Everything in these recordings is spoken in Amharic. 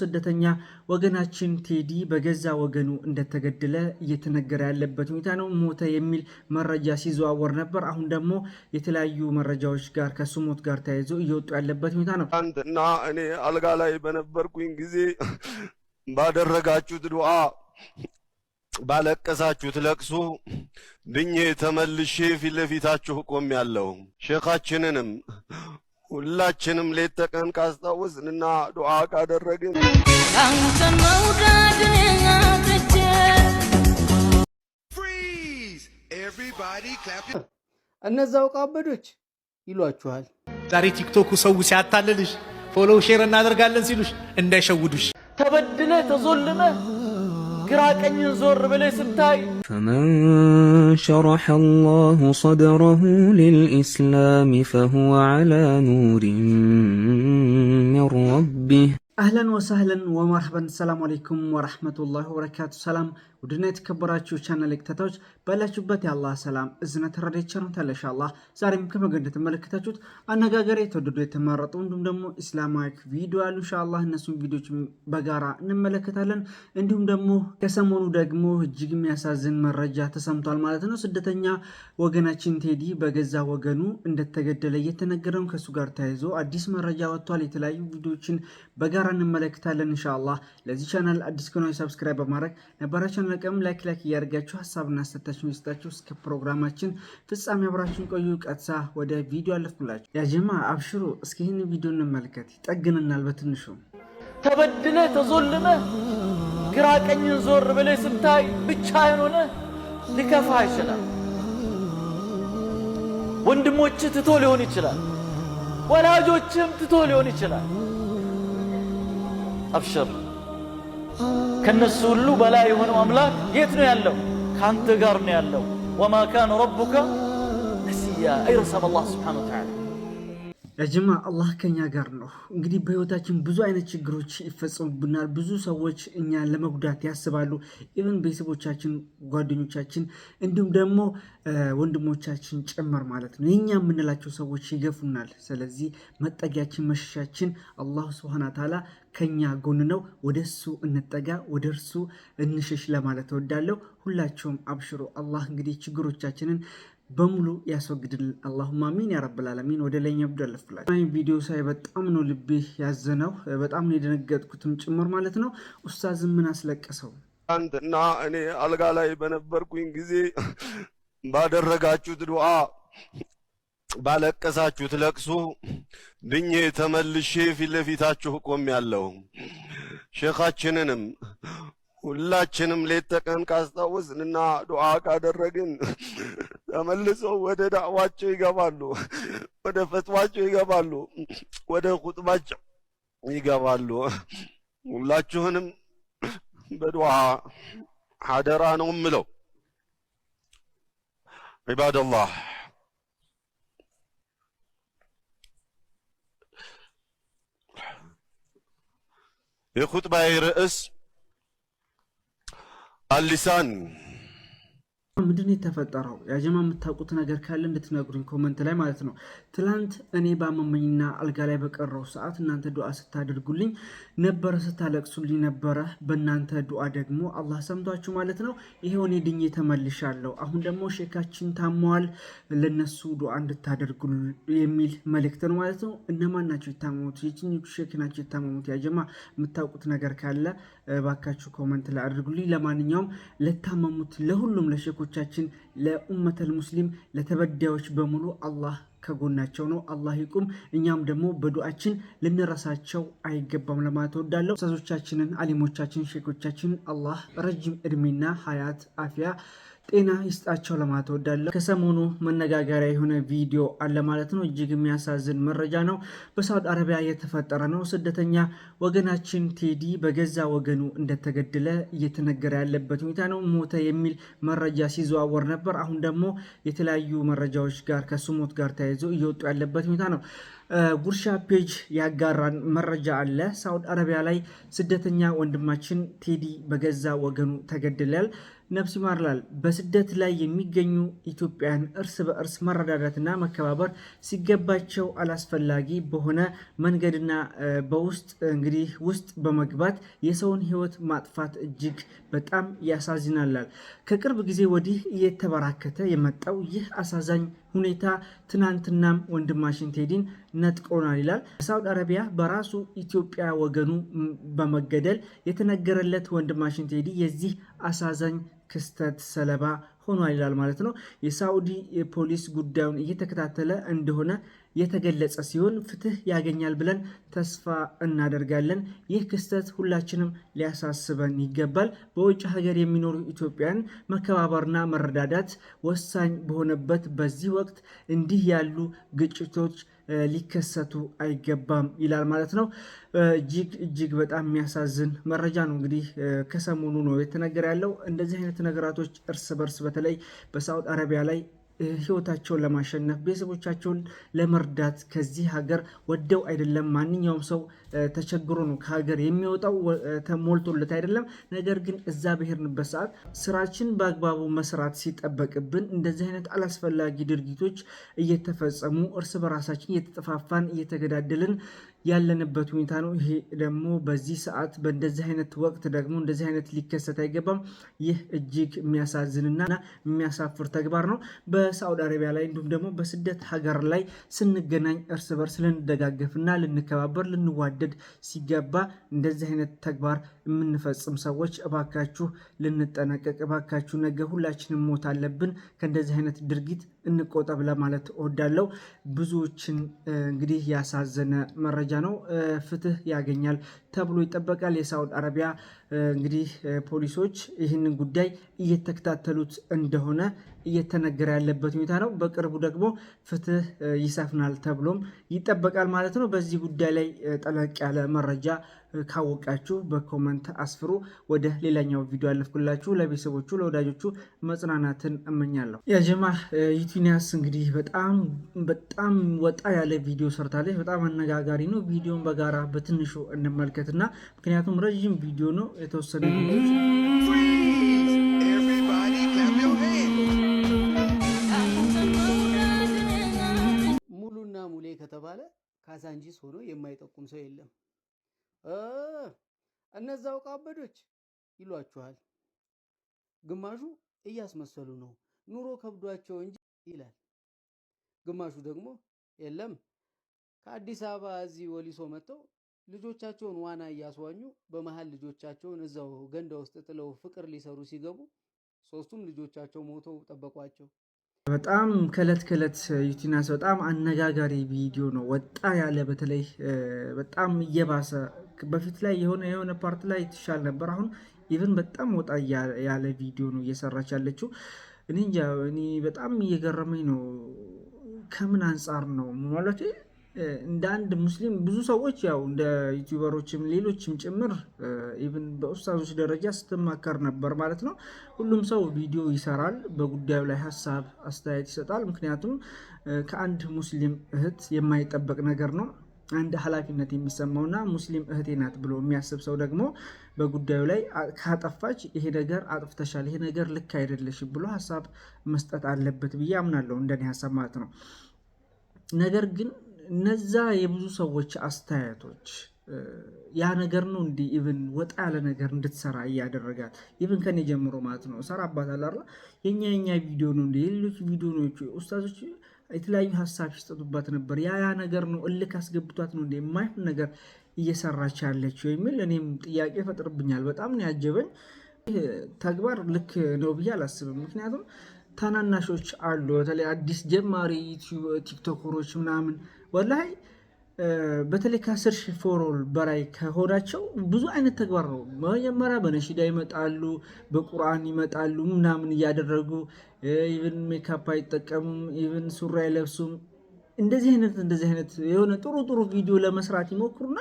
ስደተኛ ወገናችን ቴዲ በገዛ ወገኑ እንደተገደለ እየተነገረ ያለበት ሁኔታ ነው። ሞተ የሚል መረጃ ሲዘዋወር ነበር። አሁን ደግሞ የተለያዩ መረጃዎች ጋር ከሱ ሞት ጋር ተያይዞ እየወጡ ያለበት ሁኔታ ነው። አንድ እና እኔ አልጋ ላይ በነበርኩኝ ጊዜ ባደረጋችሁት ዱዓ ባለቀሳችሁት ለቅሱ ድኜ ተመልሼ ፊት ለፊታችሁ ያለው ሼካችንንም ሁላችንም ሌት ተቀን ካስታወስንና ዱዓ ካደረግን አንተ መውደድ እነዛው ቃበዶች ይሏችኋል። ዛሬ ቲክቶኩ ሰው ሲያታልልሽ ፎሎው ሼር እናደርጋለን ሲሉሽ እንዳይሸውዱሽ ተበድለ ተዞልመ ግራ ቀኝን ዞር ብለህ ስታይ ፈመን ሸረሐ አላሁ ሰድረሁ ሊልኢስላሚ ፈሁወ ዐላ ኑሪን ሚን ረቢህ አህለን ወሳህለን ወመርሐበን ሰላም አለይኩም ወራህመቱላሂ ወበረካቱ። ሰላም ውድና የተከበራችሁ ቻናል ተከታታዮች ባላችሁበት የአላህ ሰላም እዝነት ረዴቻ ነው ታለሻ ዛሬም ከመገን እንደተመለከታችሁት አነጋገር የተወደዱ የተመረጡ እንዲሁም ደግሞ ኢስላማዊ ቪዲዮ አሉ ኢንሻአላህ እነሱን ቪዲዮዎች በጋራ እንመለከታለን። እንዲሁም ደግሞ ከሰሞኑ ደግሞ እጅግ የሚያሳዝን መረጃ ተሰምቷል ማለት ነው። ስደተኛ ወገናችን ቴዲ በገዛ ወገኑ እንደተገደለ እየተነገረው ከእሱ ጋር ተያይዞ አዲስ መረጃ ወጥቷል። የተለያዩ ቪዲዮዎችን በጋራ እንመለከታለን እንሻላ ለዚህ ቻናል አዲስ ከሆነ ሰብስክራይብ በማድረግ ነባራችሁን ለቀም ላይክ ላይክ እያደርጋችሁ ሀሳብና አስተያየታችሁን ይስጣችሁ። እስከ ፕሮግራማችን ፍጻሜ አብራችሁን ቆዩ። ቀጥታ ወደ ቪዲዮ አለፍኩላችሁ። ያ ጀማ አብሽሩ፣ እስኪ ይህን ቪዲዮ እንመልከት። ይጠግንናል በትንሹ ተበድለ ተዞልመ ግራ ቀኝን ዞር ብለ ስታይ ብቻ ሆነ ሊከፋ ይችላል። ወንድሞች ትቶ ሊሆን ይችላል። ወላጆችም ትቶ ሊሆን ይችላል። አብሽር ከነሱ ሁሉ በላይ የሆነው አምላክ የት ነው ያለው? ከአንተ ጋር ነው ያለው። ወማ ካነ ረቡከ ነሲያ አይረሳም አላህ ስብሓነሁ ወተዓላ ጅማ አላህ ከኛ ጋር ነው። እንግዲህ በህይወታችን ብዙ አይነት ችግሮች ይፈጸሙብናል። ብዙ ሰዎች እኛ ለመጉዳት ያስባሉ። ኢቨን ቤተሰቦቻችን፣ ጓደኞቻችን እንዲሁም ደግሞ ወንድሞቻችን ጭምር ማለት ነው። የኛ የምንላቸው ሰዎች ይገፉናል። ስለዚህ መጠጊያችን፣ መሸሻችን አላሁ ስብሃነ ተዓላ ከኛ ጎን ነው። ወደ እሱ እንጠጋ፣ ወደ እርሱ እንሸሽ ለማለት እወዳለሁ። ሁላቸውም አብሽሮ አላህ እንግዲህ ችግሮቻችንን በሙሉ ያስወግድልን። አላሁማ አሚን ያረብል አለሚን። ወደ ላይ ብደለፍላል ቪዲዮ ሳይ በጣም ነው ልቤ ያዘነው፣ በጣም ነው የደነገጥኩትም ጭምር ማለት ነው። ኡስታዝ ምን አስለቀሰው? አንድ እና እኔ አልጋ ላይ በነበርኩኝ ጊዜ ባደረጋችሁት ዱዓ፣ ባለቀሳችሁት ለቅሶ ድኜ ተመልሼ ፊት ለፊታችሁ ያለው ሼኻችንንም ሁላችንም ሌት ተቀን ካስታወስንና ዱዓ ካደረግን ተመልሰው ወደ ዳዕዋቸው ይገባሉ፣ ወደ ፈትዋቸው ይገባሉ፣ ወደ ቁጥባቸው ይገባሉ። ሁላችሁንም በዱዓ ሀደራ ነው የምለው። ዒባደላህ የኹጥባዬ ርዕስ alisan ምንድነው የተፈጠረው? ያጀማ የምታውቁት ነገር ካለ እንድትነግሩኝ ኮመንት ላይ ማለት ነው። ትላንት እኔ በአመመኝና አልጋ ላይ በቀረው ሰዓት እናንተ ዱዓ ስታደርጉልኝ ነበረ፣ ስታለቅሱልኝ ነበረ። በእናንተ ዱዓ ደግሞ አላህ ሰምቷችሁ ማለት ነው። ይሄው እኔ ድኜ ተመልሻለሁ። አሁን ደግሞ ሼካችን ታመዋል፣ ለነሱ ዱዓ እንድታደርጉ የሚል መልእክት ነው ማለት ነው። እነማን ናቸው የታመሙት? የትኞቹ ሼክ ናቸው የታመሙት? ያጀማ የምታውቁት ነገር ካለ ባካችሁ ኮመንት ላይ አድርጉልኝ። ለማንኛውም ለታመሙት ለሁሉም ለሼክ ሼኮቻችን ለኡመተል ሙስሊም ለተበዳዮች በሙሉ አላህ ከጎናቸው ነው። አላህ ይቁም። እኛም ደግሞ በዱዓችን ልንረሳቸው አይገባም ለማለት እወዳለሁ። ኡስታዞቻችንን፣ አሊሞቻችን፣ ሼኮቻችንን አላህ ረጅም እድሜና ሀያት አፊያ ጤና ይስጣቸው ለማለት እወዳለሁ። ከሰሞኑ መነጋገሪያ የሆነ ቪዲዮ አለ ማለት ነው። እጅግ የሚያሳዝን መረጃ ነው። በሳውዲ አረቢያ የተፈጠረ ነው። ስደተኛ ወገናችን ቴዲ በገዛ ወገኑ እንደተገደለ እየተነገረ ያለበት ሁኔታ ነው። ሞተ የሚል መረጃ ሲዘዋወር ነበር። አሁን ደግሞ የተለያዩ መረጃዎች ጋር ከሱ ሞት ጋር ተያይዞ እየወጡ ያለበት ሁኔታ ነው። ጉርሻ ፔጅ ያጋራን መረጃ አለ። ሳውዲ አረቢያ ላይ ስደተኛ ወንድማችን ቴዲ በገዛ ወገኑ ተገድሏል። ነፍስ ይማርላል። በስደት ላይ የሚገኙ ኢትዮጵያን እርስ በእርስ መረዳዳትና መከባበር ሲገባቸው አላስፈላጊ በሆነ መንገድና በውስጥ እንግዲህ ውስጥ በመግባት የሰውን ሕይወት ማጥፋት እጅግ በጣም ያሳዝናላል። ከቅርብ ጊዜ ወዲህ እየተበራከተ የመጣው ይህ አሳዛኝ ሁኔታ ትናንትናም ወንድማችን ቴዲን ነጥቆናል ይላል። በሳውዲ አረቢያ በራሱ ኢትዮጵያ ወገኑ በመገደል የተነገረለት ወንድማችን ቴዲ የዚህ አሳዛኝ ክስተት ሰለባ ሆኗል ይላል ማለት ነው። የሳዑዲ ፖሊስ ጉዳዩን እየተከታተለ እንደሆነ የተገለጸ ሲሆን ፍትህ ያገኛል ብለን ተስፋ እናደርጋለን። ይህ ክስተት ሁላችንም ሊያሳስበን ይገባል። በውጭ ሀገር የሚኖሩ ኢትዮጵያን መከባበርና መረዳዳት ወሳኝ በሆነበት በዚህ ወቅት እንዲህ ያሉ ግጭቶች ሊከሰቱ አይገባም ይላል ማለት ነው። እጅግ እጅግ በጣም የሚያሳዝን መረጃ ነው። እንግዲህ ከሰሞኑ ነው የተነገረ ያለው እንደዚህ አይነት ነገራቶች እርስ በርስ በተለይ በሳውዲ አረቢያ ላይ ህይወታቸውን ለማሸነፍ ቤተሰቦቻቸውን ለመርዳት ከዚህ ሀገር ወደው አይደለም። ማንኛውም ሰው ተቸግሮ ነው ከሀገር የሚወጣው ተሞልቶለት አይደለም። ነገር ግን እዛ ብሄርንበት ሰዓት ስራችን በአግባቡ መስራት ሲጠበቅብን እንደዚህ አይነት አላስፈላጊ ድርጊቶች እየተፈጸሙ እርስ በራሳችን እየተጠፋፋን እየተገዳደልን ያለንበት ሁኔታ ነው። ይሄ ደግሞ በዚህ ሰዓት በእንደዚህ አይነት ወቅት ደግሞ እንደዚህ አይነት ሊከሰት አይገባም። ይህ እጅግ የሚያሳዝንና የሚያሳፍር ተግባር ነው። በሳውዲ አረቢያ ላይ እንዲሁም ደግሞ በስደት ሀገር ላይ ስንገናኝ እርስ በርስ ልንደጋገፍና ልንከባበር፣ ልንዋደድ ሲገባ እንደዚህ አይነት ተግባር የምንፈጽም ሰዎች እባካችሁ ልንጠነቀቅ፣ እባካችሁ ነገ ሁላችንም ሞት አለብን፣ ከእንደዚህ አይነት ድርጊት እንቆጠብ ለማለት እወዳለሁ። ብዙዎችን እንግዲህ ያሳዘነ መረጃ ደረጃ ነው ፍትህ ያገኛል ተብሎ ይጠበቃል። የሳውዲ አረቢያ እንግዲህ ፖሊሶች ይህንን ጉዳይ እየተከታተሉት እንደሆነ እየተነገረ ያለበት ሁኔታ ነው። በቅርቡ ደግሞ ፍትህ ይሰፍናል ተብሎም ይጠበቃል ማለት ነው። በዚህ ጉዳይ ላይ ጠለቅ ያለ መረጃ ካወቃችሁ በኮመንት አስፍሩ። ወደ ሌላኛው ቪዲዮ አለፍኩላችሁ። ለቤተሰቦቹ ለወዳጆቹ መጽናናትን እመኛለሁ። ያጀማ ዩቲኒያስ እንግዲህ በጣም በጣም ወጣ ያለ ቪዲዮ ሰርታለች። በጣም አነጋጋሪ ነው። ቪዲዮን በጋራ በትንሹ እንመልከትና ምክንያቱም ረዥም ቪዲዮ ነው የተወሰነ ሙሉና ሙሌ ከተባለ ካዛንጂስ ሆኖ የማይጠቁም ሰው የለም። እነዛው ቃበዶች ይሏችኋል። ግማሹ እያስመሰሉ ነው ኑሮ ከብዷቸው እንጂ ይላል። ግማሹ ደግሞ የለም ከአዲስ አበባ እዚህ ወሊሶ መጥተው ልጆቻቸውን ዋና እያስዋኙ በመሀል ልጆቻቸውን እዛው ገንዳ ውስጥ ጥለው ፍቅር ሊሰሩ ሲገቡ ሶስቱም ልጆቻቸው ሞተው ጠበቋቸው። በጣም ከእለት ከእለት ዩቲናስ በጣም አነጋጋሪ ቪዲዮ ነው ወጣ ያለ በተለይ በጣም እየባሰ በፊት ላይ የሆነ የሆነ ፓርት ላይ ትሻል ነበር። አሁን ኢቨን በጣም ወጣ ያለ ቪዲዮ ነው እየሰራች ያለችው። እኔ እንጃ እኔ በጣም እየገረመኝ ነው። ከምን አንጻር ነው ማለት እንደ አንድ ሙስሊም ብዙ ሰዎች ያው እንደ ዩቲዩበሮችም ሌሎችም ጭምር ኢቭን በኡስታዞች ደረጃ ስትማከር ነበር ማለት ነው። ሁሉም ሰው ቪዲዮ ይሰራል፣ በጉዳዩ ላይ ሀሳብ አስተያየት ይሰጣል። ምክንያቱም ከአንድ ሙስሊም እህት የማይጠበቅ ነገር ነው። አንድ ኃላፊነት የሚሰማውና ሙስሊም እህቴ ናት ብሎ የሚያስብ ሰው ደግሞ በጉዳዩ ላይ ካጠፋች ይሄ ነገር አጥፍተሻል፣ ይሄ ነገር ልክ አይደለሽም ብሎ ሀሳብ መስጠት አለበት ብዬ አምናለሁ፣ እንደኔ ሀሳብ ማለት ነው። ነገር ግን እነዛ የብዙ ሰዎች አስተያየቶች ያ ነገር ነው እንዲህ ኢቭን ወጣ ያለ ነገር እንድትሰራ እያደረጋት ኢቭን ከኔ ጀምሮ ማለት ነው ሰራ አባታል አላ የኛ የኛ ቪዲዮ ነው እንዲህ የሌሎች ቪዲዮ ነች ኡስታዞች የተለያዩ ሀሳብ ሲሰጡባት ነበር። ያ ያ ነገር ነው እልክ አስገብቷት ነው እንዲህ የማይሆን ነገር እየሰራች ያለች የሚል እኔም ጥያቄ ፈጥርብኛል። በጣም ነው ያጀበኝ። ተግባር ልክ ነው ብዬ አላስብም። ምክንያቱም ታናናሾች አሉ። በተለይ አዲስ ጀማሪ ቲክቶከሮች ምናምን ወላይ በተለይ ከአስር ሺህ ፎሎወር በላይ ከሆናቸው ብዙ አይነት ተግባር ነው። መጀመሪያ በነሺዳ ይመጣሉ፣ በቁርአን ይመጣሉ ምናምን እያደረጉ ኢቨን ሜካፕ አይጠቀሙም፣ ኢቨን ሱሪ አይለብሱም። እንደዚህ አይነት እንደዚህ አይነት የሆነ ጥሩ ጥሩ ቪዲዮ ለመስራት ይሞክሩና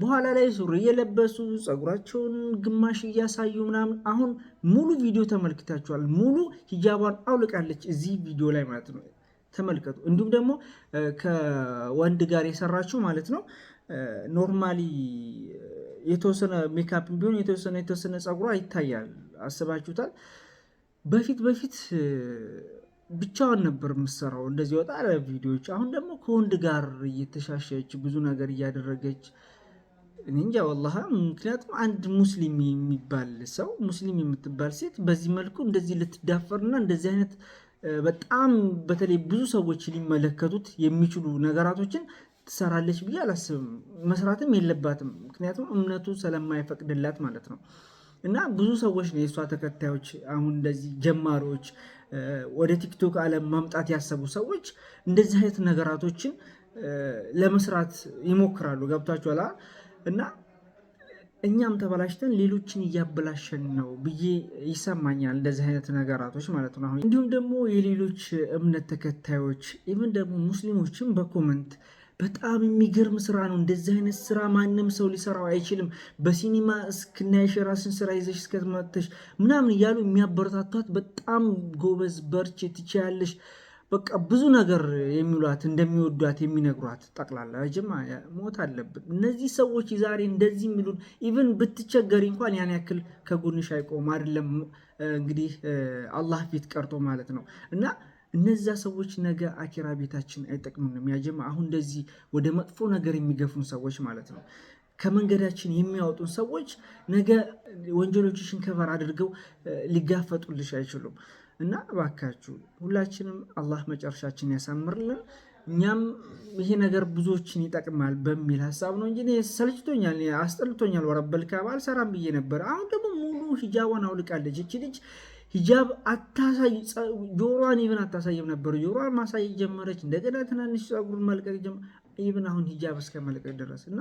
በኋላ ላይ ሱሪ እየለበሱ ጸጉራቸውን ግማሽ እያሳዩ ምናምን። አሁን ሙሉ ቪዲዮ ተመልክታችኋል። ሙሉ ሂጃቧን አውልቃለች እዚህ ቪዲዮ ላይ ማለት ነው። ተመልከቱ። እንዲሁም ደግሞ ከወንድ ጋር የሰራችው ማለት ነው ኖርማሊ የተወሰነ ሜካፕ ቢሆን የተወሰነ የተወሰነ ጸጉሯ ይታያል። አስባችሁታል? በፊት በፊት ብቻዋን ነበር የምትሰራው። እንደዚህ ወጣ ያለ ቪዲዮዎች። አሁን ደግሞ ከወንድ ጋር እየተሻሸች ብዙ ነገር እያደረገች እንጃ ወላሂ። ምክንያቱም አንድ ሙስሊም የሚባል ሰው ሙስሊም የምትባል ሴት በዚህ መልኩ እንደዚህ ልትዳፈርና እንደዚህ አይነት በጣም በተለይ ብዙ ሰዎች ሊመለከቱት የሚችሉ ነገራቶችን ትሰራለች ብዬ አላስብም። መስራትም የለባትም ምክንያቱም እምነቱ ስለማይፈቅድላት ማለት ነው። እና ብዙ ሰዎች ነው የእሷ ተከታዮች አሁን እንደዚህ ጀማሪዎች ወደ ቲክቶክ ዓለም ማምጣት ያሰቡ ሰዎች እንደዚህ አይነት ነገራቶችን ለመስራት ይሞክራሉ። ገብቷችኋል? እና እኛም ተበላሽተን ሌሎችን እያበላሸን ነው ብዬ ይሰማኛል። እንደዚህ አይነት ነገራቶች ማለት ነው። እንዲሁም ደግሞ የሌሎች እምነት ተከታዮች ኢቨን ደግሞ ሙስሊሞችን በኮመንት በጣም የሚገርም ስራ ነው። እንደዚህ አይነት ስራ ማንም ሰው ሊሰራው አይችልም። በሲኒማ እስክናይሽ የራስን ስራ ይዘሽ እስከመተሽ ምናምን እያሉ የሚያበረታቷት በጣም ጎበዝ፣ በርች፣ ትችያለሽ በቃ ብዙ ነገር የሚሏት እንደሚወዷት የሚነግሯት ጠቅላላ ጅማ ሞት አለብን። እነዚህ ሰዎች ዛሬ እንደዚህ የሚሉን ኢቨን ብትቸገሪ እንኳን ያን ያክል ከጎንሽ አይቆም አይደለም እንግዲህ አላህ ፊት ቀርቶ ማለት ነው እና እነዛ ሰዎች ነገ አኪራ ቤታችን አይጠቅሙንም። ያጀማ አሁን እንደዚህ ወደ መጥፎ ነገር የሚገፉን ሰዎች ማለት ነው ከመንገዳችን የሚያወጡን ሰዎች ነገ ወንጀሎችሽን ከቨር አድርገው ሊጋፈጡልሽ አይችሉም። እና እባካችሁ ሁላችንም አላህ መጨረሻችን ያሳምርልን። እኛም ይሄ ነገር ብዙዎችን ይጠቅማል በሚል ሀሳብ ነው እንጂ ሰልችቶኛል፣ አስጠልቶኛል። ወረበልካ አልሰራም ብዬ ነበር። አሁን ደግሞ ሙሉ ሂጃቧን አውልቃለች እቺ ልጅ ሂጃብ አታሳይ ጆሮዋን ይብን አታሳይም ነበር። ጆሮዋን ማሳየት ጀመረች። እንደገና ትናንሽ ጸጉር መልቀቅ ይብን አሁን ሂጃብ እስከ መልቀቅ ድረስ እና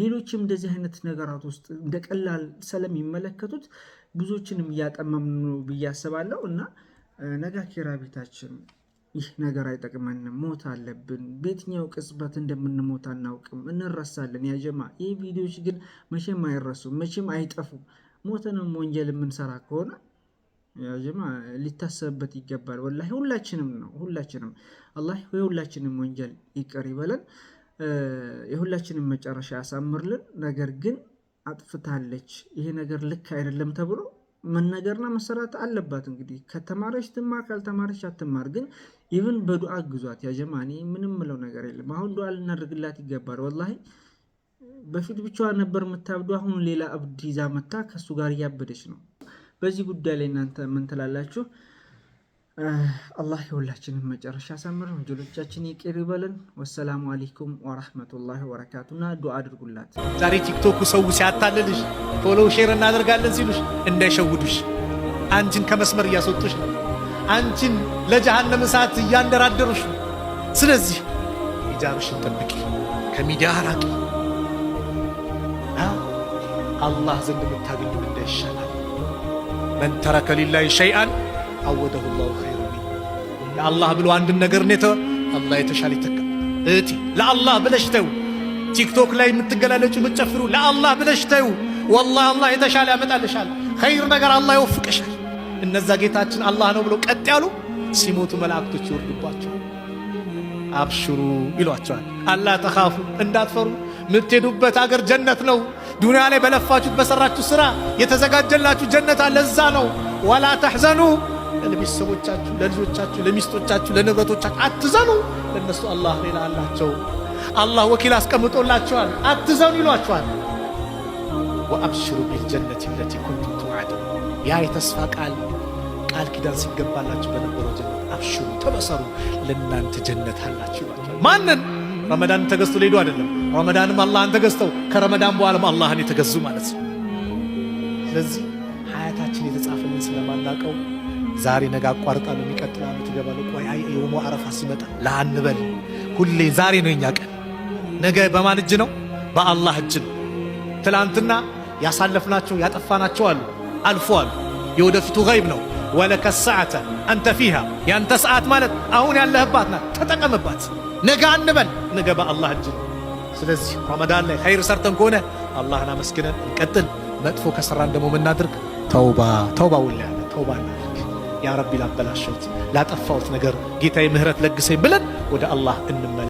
ሌሎችም እንደዚህ አይነት ነገራት ውስጥ እንደ ቀላል ስለሚመለከቱት ብዙዎችንም እያጠመም ብዬ አስባለሁ። እና ነገ ኪራ ቤታችን ይህ ነገር አይጠቅመንም፣ ሞት አለብን። በየትኛው ቅጽበት እንደምንሞት አናውቅም፣ እንረሳለን። ያጀማ ይህ ቪዲዮዎች ግን መቼም አይረሱም፣ መቼም አይጠፉም። ሞተንም ወንጀል የምንሰራ ከሆነ ያጀማ ሊታሰብበት ይገባል። ወላሂ ሁላችንም ነው ሁላችንም አላህ የሁላችንም ወንጀል ይቅር ይበለን፣ የሁላችንም መጨረሻ ያሳምርልን። ነገር ግን አጥፍታለች፣ ይሄ ነገር ልክ አይደለም ተብሎ መነገርና መሰራት አለባት። እንግዲህ ከተማረች ትማር፣ ካልተማረች አትማር። ግን ኢቭን በዱዓ ግዟት ያጀማ። እኔ ምንም ምለው ነገር የለም። አሁን ዱዓ ልናደርግላት ይገባል ወላሂ በፊት ብቻዋ ነበር የምታብዱ። አሁን ሌላ እብድ ይዛ መታ ከእሱ ጋር እያበደች ነው። በዚህ ጉዳይ ላይ እናንተ ምን ትላላችሁ? አላህ የሁላችንን መጨረሻ ያሳምር፣ ወንጀሎቻችን ይቅር ይበለን። ወሰላሙ አለይኩም ወራህመቱላሂ ወበረካቱና ዱዓ አድርጉላት። ዛሬ ቲክቶኩ ሰው ሲያታልልሽ ቶሎ ሼር እናደርጋለን ሲሉሽ እንዳይሸውዱሽ፣ አንቺን ከመስመር እያስወጡሽ፣ አንቺን ለጀሃነም እሳት እያንደራደሩሽ። ስለዚህ ሂጃብሽን ጠብቂ፣ ከሚዲያ አራቂ፣ አላህ ዘንድ የምታገኙ እንዳይሻላል መን ተረከ ሊላሂ ሸይአን አወደሁ ላሁ ኸይሩ ለአላህ ብሎ አንድን ነገር ተወ፣ አላህ የተሻለ ይተካል። እህቴ ለአላህ ብለሽ ተው። ቲክቶክ ላይ የምትገላለጩ የምትጨፍሩ ለአላህ ብለሽ ተው። ወላሂ አላህ የተሻለ ያመጣልሻል። ኸይር ነገር አላህ ይወፍቅሻል። እነዛ ጌታችን አላህ ነው ብሎ ቀጥ ያሉ ሲሞቱ መላእክቶች ይወርዱባቸዋል። አብሽሩ ይሏቸዋል። አላ ተኻፉ እንዳትፈሩ፣ የምትሄዱበት አገር ጀነት ነው ዱንያ ላይ በለፋችሁት በሰራችሁ ስራ የተዘጋጀላችሁ ጀነት አለ፣ እዛ ነው። ወላ ተሕዘኑ ለቤተሰቦቻችሁ፣ ለልጆቻችሁ፣ ለሚስቶቻችሁ፣ ለንብረቶቻችሁ አትዘኑ። ለእነሱ አላህ ሌላ አላቸው። አላህ ወኪል አስቀምጦላችኋል። አትዘኑ ይሏችኋል። ወአብሽሩ ቢልጀነት ለቲ ኩንቱም ትውዓዱን። ያ የተስፋ ቃል ቃል ኪዳን ሲገባላችሁ በነበረው ጀነት አብሽሩ፣ ተበሰሩ፣ ለእናንተ ጀነት አላችሁ ይሏችኋል። ማንን ረመዳን ተገዝቶ ሌዱ አይደለም። ረመዳንም አላህን ተገዝተው ከረመዳን በኋላም አላህን የተገዙ ማለት ነው። ስለዚህ ሀያታችን የተጻፈልን ስለማናቀው ዛሬ ነገ አቋርጣለሁ የሚቀጥለው ዓመት እገባለሁ ቆይ አይ አረፋ ሲመጣ ላንበል። ሁሌ ዛሬ ነው የኛ ቀን። ነገ በማን እጅ ነው? በአላህ እጅ ነው። ትላንትና ያሳለፍናቸው ያጠፋናቸው አሉ አልፏል። የወደፊቱ ገይብ ነው። ወለከ ሰዓተ አንተ ፊሃ ያንተ ሰዓት ማለት አሁን ያለህባት ናት። ተጠቀምባት። ነገ አንበል፣ ነገ በአላህ እጅ። ስለዚህ ረመዳን ላይ ኸይር ሰርተን ከሆነ አላህን አመስግነን እንቀጥል። መጥፎ ከሰራን ደግሞ ምናድርግ? ተውባ ተውባ ውላ ያለ ተውባ እናድርግ። ያ ረቢ ላበላሸሁት ላጠፋሁት ነገር ጌታዬ ምህረት ለግሰኝ ብለን ወደ አላህ እንመለ